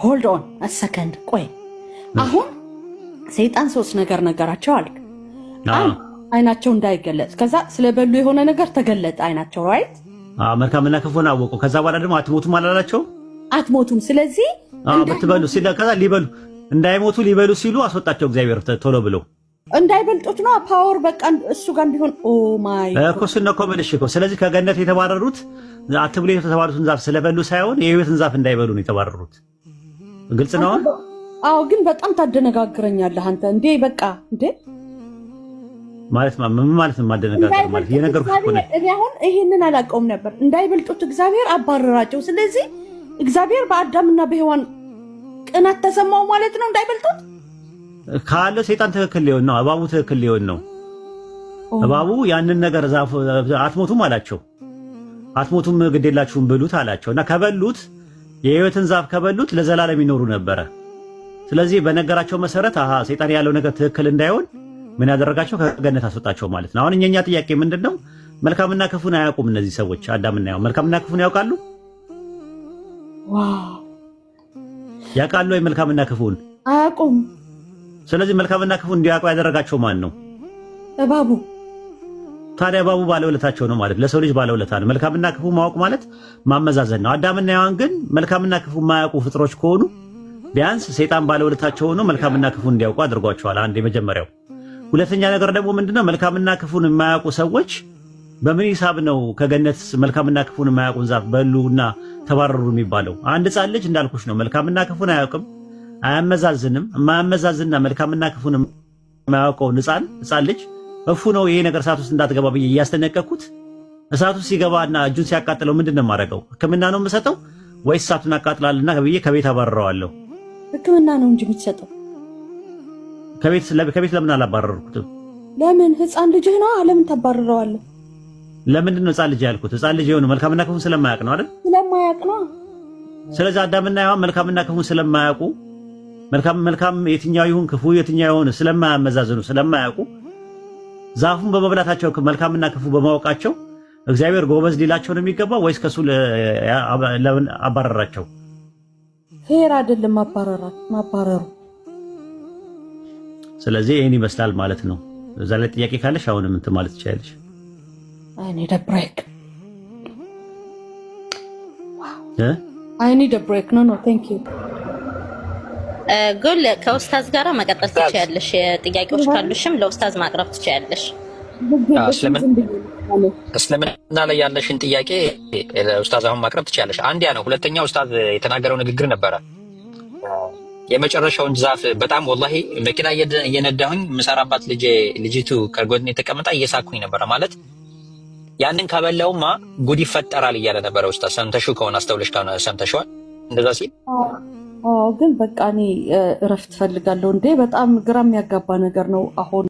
ሆልድ ኦን ሰከንድ ቆይ፣ አሁን ሰይጣን ሶስት ነገር ነገራቸው አልክ። አይናቸው እንዳይገለጽ፣ ከዛ ስለበሉ የሆነ ነገር ተገለጠ አይናቸው። ራይት መልካምና ክፉን አወቁ። ከዛ በኋላ ደግሞ አትሞቱም አላላቸው? አትሞቱም። ስለዚህ ብትበሉ፣ ከዛ ሊበሉ እንዳይሞቱ ሊበሉ ሲሉ አስወጣቸው እግዚአብሔር ቶሎ ብለው እንዳይበልጡት ነው ፓወር በቃ እሱ ጋር ቢሆን ማይ እኮ እሱን እኮ የምልሽ እኮ። ስለዚህ ከገነት የተባረሩት አትብሉ የተባሉትን ዛፍ ስለበሉ ሳይሆን የህይወትን ዛፍ እንዳይበሉ ነው የተባረሩት። ግልጽ ነው። አዎ፣ ግን በጣም ታደነጋግረኛለህ አንተ እንዴ! በቃ እንዴ ማለት ምን ማለት ነው? ማደነጋገር ማለት የነገርኩሽ እኮ ነው። እኔ አሁን ይሄንን አላውቀውም ነበር። እንዳይበልጡት እግዚአብሔር አባረራቸው። ስለዚህ እግዚአብሔር በአዳምና በሔዋን ቅናት ተሰማው ማለት ነው። እንዳይበልጡት ካለ ሰይጣን ትክክል ሊሆን ነው። እባቡ ትክክል ሊሆን ነው። እባቡ ያንን ነገር አትሞቱም አላቸው። አትሞቱም ግዴላችሁም ብሉት አላቸው እና ከበሉት የህይወትን ዛፍ ከበሉት ለዘላለም ይኖሩ ነበረ። ስለዚህ በነገራቸው መሰረት አሃ ሰይጣን ያለው ነገር ትክክል እንዳይሆን ምን ያደረጋቸው ከገነት አስወጣቸው ማለት ነው። አሁን እኛኛ ጥያቄ ምንድን ነው? መልካምና ክፉን አያውቁም እነዚህ ሰዎች። አዳምና ያው መልካምና ክፉን ያውቃሉ ያውቃሉ ወይ? መልካምና ክፉን አያውቁም። ስለዚህ መልካምና ክፉን እንዲያውቁ ያደረጋቸው ማን ነው? እባቡ ታዲያ እባቡ ባለውለታቸው ነው ማለት ለሰው ልጅ ባለውለታ ነው። መልካምና ክፉ ማወቅ ማለት ማመዛዘን ነው። አዳምና ሔዋን ግን መልካምና ክፉ ማያውቁ ፍጥሮች ከሆኑ ቢያንስ ሰይጣን ባለውለታቸው ሆኖ መልካምና ክፉ እንዲያውቁ አድርጓቸዋል። አንድ የመጀመሪያው። ሁለተኛ ነገር ደግሞ ምንድነው መልካምና ክፉን የማያውቁ ሰዎች በምን ሂሳብ ነው ከገነት መልካምና ክፉን የማያውቁን ዛፍ በሉና ተባረሩ የሚባለው? አንድ ህፃን ልጅ እንዳልኩሽ ነው። መልካምና ክፉን አያውቅም፣ አያመዛዝንም። የማያመዛዝንና መልካምና ክፉን የማያውቀውን ሕፃን ልጅ እፉ ነው ይሄ ነገር እሳት ውስጥ እንዳትገባ ብዬ እያስጠነቀቅኩት እሳቱ ሲገባ ሲገባና እጁን ሲያቃጥለው ምንድን ነው የማደርገው? ነው የምሰጠው ወይስ እሳቱን አቃጥላልና ብዬ ከቤት አባረረዋለሁ? ህክምና ነው እንጂ የምትሰጠው። ከቤት ለምን አላባረርኩትም? ለምን ህፃን ልጅህ ነው። ለምን ታባረረዋለህ? ለምንድን ነው ህፃን ልጅ ያልኩት? ህፃን ልጅ የሆነ መልካምና ክፉን ስለማያውቅ ነው አይደል? ስለማያውቅ ነው። ስለዚህ አዳምና ሔዋን መልካምና ክፉን ስለማያውቁ መልካም መልካም የትኛው ይሁን ክፉ የትኛው ይሁን ስለማያመዛዝኑ ስለማያውቁ ዛፉን በመብላታቸው መልካምና ክፉ በማወቃቸው እግዚአብሔር ጎበዝ ሊላቸው ነው የሚገባው ወይስ ከሱ ለምን አባረራቸው? ሄር አይደለም ማባረሩ። ስለዚህ ይህን ይመስላል ማለት ነው። እዛ ላይ ጥያቄ ካለሽ አሁንም እንትን ማለት ትችላለሽ። አይኒ ደብሬክ ነው ነው ቴንክ ዩ ጎል ከኡስታዝ ጋራ መቀጠል ትችያለሽ። ጥያቄዎች ካሉሽም ለኡስታዝ ማቅረብ ትችያለሽ። እስልምና ላይ ያለሽን ጥያቄ ለኡስታዝ አሁን ማቅረብ ትችያለሽ። አንድ ያ ነው። ሁለተኛ ኡስታዝ የተናገረው ንግግር ነበረ። የመጨረሻውን ዛፍ በጣም ወላሂ መኪና እየነዳሁኝ ምሰራባት ልጄ ልጅቱ ከጎድን የተቀመጣ እየሳኩኝ ነበረ ማለት ያንን ከበላውማ ጉድ ይፈጠራል እያለ ነበረ። ኡስታዝ ሰምተሽው ከሆነ አስተውለሽ ከሆነ ሰምተሽዋል እንደዛ ሲል ግን በቃ እኔ እረፍት ፈልጋለሁ እንዴ! በጣም ግራ የሚያጋባ ነገር ነው አሁን